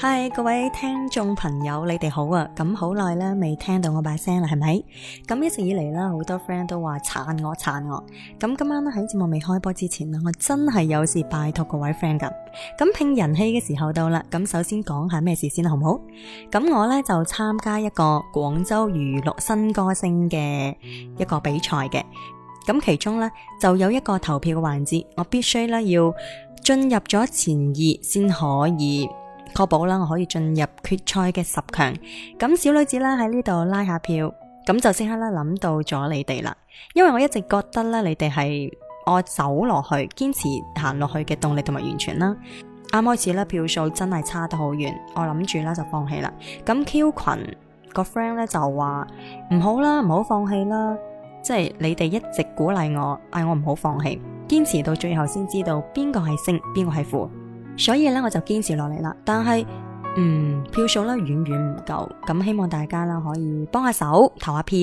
係各位聽眾朋友，你哋好啊！咁好耐咧，未聽到我把聲啦，係咪？咁一直以嚟啦，好多 friend 都話撐我，我，撐我。咁今晚咧喺節目未開播之前啦，我真係有事拜託各位 friend 噶。咁拼人氣嘅時候到啦，咁首先講下咩事先好唔好？咁我咧就參加一個廣州娛樂新歌星嘅一個比賽嘅。咁其中咧就有一個投票嘅環節，我必須咧要進入咗前二先可以。確保啦，我可以進入決賽嘅十強。咁小女子啦喺呢度拉下票，咁就即刻啦諗到咗你哋啦，因為我一直覺得咧你哋係我走落去堅持行落去嘅動力同埋完全啦。啱開始咧票數真係差得好遠，我諗住啦就放棄啦。咁 Q 群個 friend 咧就話唔好啦，唔好放棄啦，即係你哋一直鼓勵我，嗌我唔好放棄，堅持到最後先知道邊個係勝，邊個係負。.所以咧，我就堅持落嚟啦。但係，嗯，票數咧遠遠唔夠，咁希望大家啦可以幫下手投下票。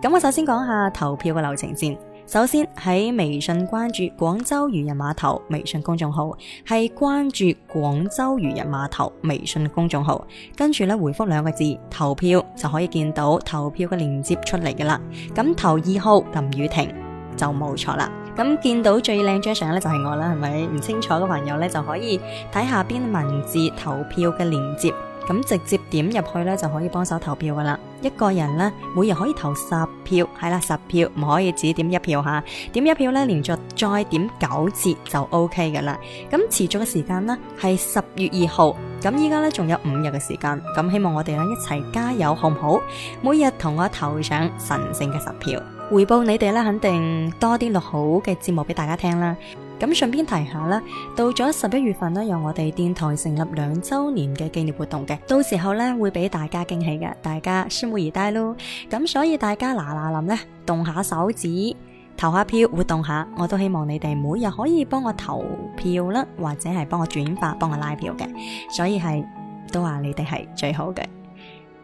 咁我首先講下投票嘅流程先。首先喺微信關注廣州漁人碼頭微信公眾號，係關注廣州漁人碼頭微信公眾號，跟住咧回覆兩個字投票就可以見到投票嘅鏈接出嚟噶啦。咁投二號林宇婷就冇錯啦。咁見到最靚張相咧就係我啦，係咪？唔清楚嘅朋友咧就可以睇下邊文字投票嘅連結，咁直接點入去咧就可以幫手投票噶啦。一個人咧每日可以投十票，係啦十票，唔可以只點一票吓。點一票咧，連續再點九次就 OK 噶啦。咁持續嘅時間呢，係十月二號，咁依家咧仲有五日嘅時間，咁希望我哋咧一齊加油，好唔好？每日同我投上神聖嘅十票。回報你哋咧，肯定多啲錄好嘅節目俾大家聽啦。咁順便提下啦，到咗十一月份呢，有我哋電台成立兩周年嘅紀念活動嘅，到時候呢，會俾大家驚喜嘅，大家拭目以待咯。咁所以大家嗱嗱諗呢，動下手指，投下票，活動下，我都希望你哋每日可以幫我投票啦，或者係幫我轉發，幫我拉票嘅。所以係都話你哋係最好嘅。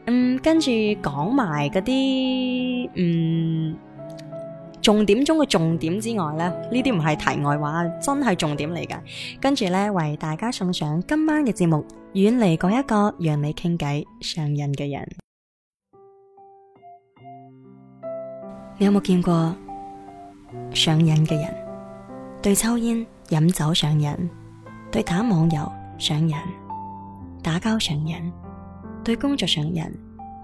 嗯，跟住講埋嗰啲，嗯。重點中嘅重點之外咧，呢啲唔係題外話，真係重點嚟㗎。跟住咧，為大家送上今晚嘅節目，遠離嗰一個讓你傾偈上癮嘅人。你有冇見過上癮嘅人？對抽煙、飲酒上癮，對打網遊上癮，打交上癮，對工作上癮，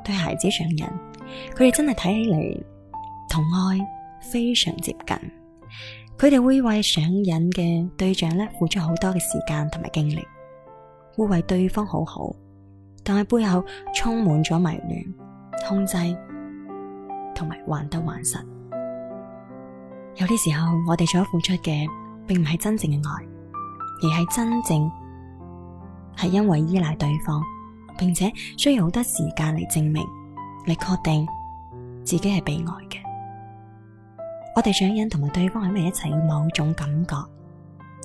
對孩子上癮，佢哋真係睇起嚟同愛非常接近，佢哋會為上癮嘅對象咧，付出好多嘅時間同埋精力，會為對方好好，但係背後充滿咗迷戀、控制同埋患得患失。有啲時候，我哋所付出嘅並唔係真正嘅愛，而係真正係因為依賴對方，並且需要好多時間嚟證明、嚟確定自己係被愛嘅。我哋想引同埋對方喺埋一齊嘅某種感覺，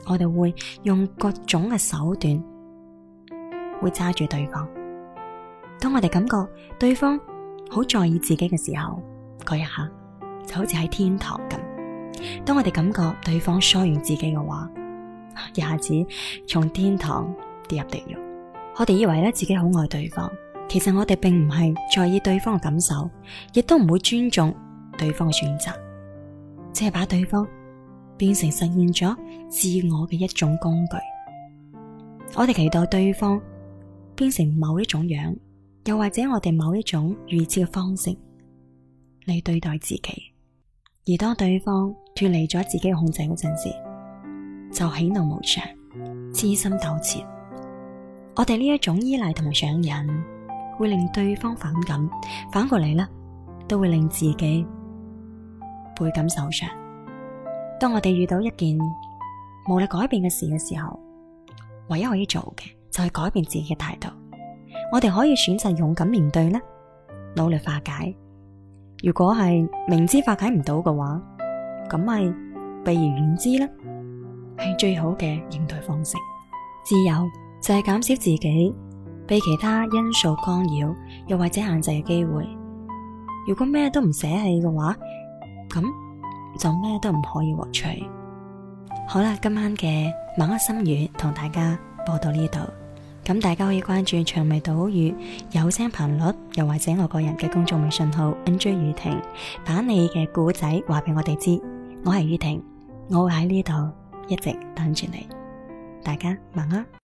我哋會用各種嘅手段會揸住對方。當我哋感覺對方好在意自己嘅時候，嗰一下就好似喺天堂咁。當我哋感覺對方疏遠自己嘅話，一下子從天堂跌入地獄。我哋以為咧自己好愛對方，其實我哋並唔係在意對方嘅感受，亦都唔會尊重對方嘅選擇。即係把對方變成實現咗自我嘅一種工具，我哋期待對方變成某一種樣，又或者我哋某一種預設嘅方式嚟對待自己，而當對方脫離咗自己嘅控制嗰陣時，就喜怒無常、癡心鬥切。我哋呢一種依賴同埋上癮，會令對方反感，反過嚟咧都會令自己。背感受上，當我哋遇到一件無力改變嘅事嘅時候，唯一可以做嘅就係改變自己嘅態度。我哋可以選擇勇敢面對呢，努力化解；如果係明知化解唔到嘅話，咁咪避而遠之啦，係最好嘅應對方式。自由就係減少自己被其他因素干擾又或者限制嘅機會。如果咩都唔捨棄嘅話，咁就咩都唔可以獲取。好啦，今晚嘅晚黑心語同大家播到呢度。咁大家可以關注薔薇島嶼有聲頻率，又或者我個人嘅公眾微信號 NJ 雨婷，把你嘅故仔話俾我哋知。我係雨婷，我會喺呢度一直等住你。大家晚安。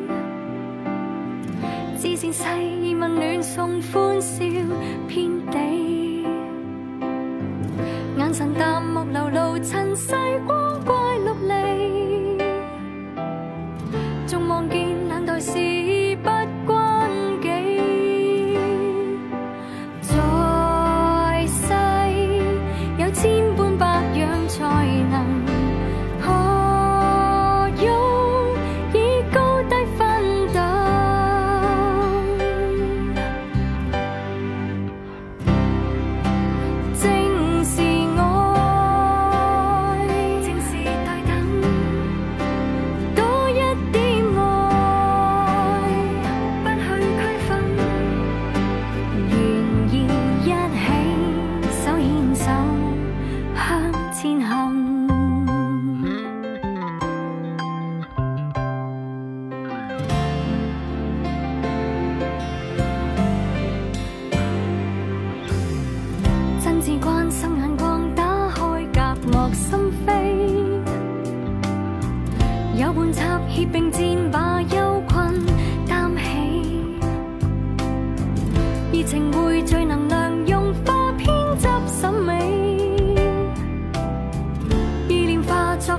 視線細意溫暖送歡笑遍地，眼神淡漠流露塵世光怪。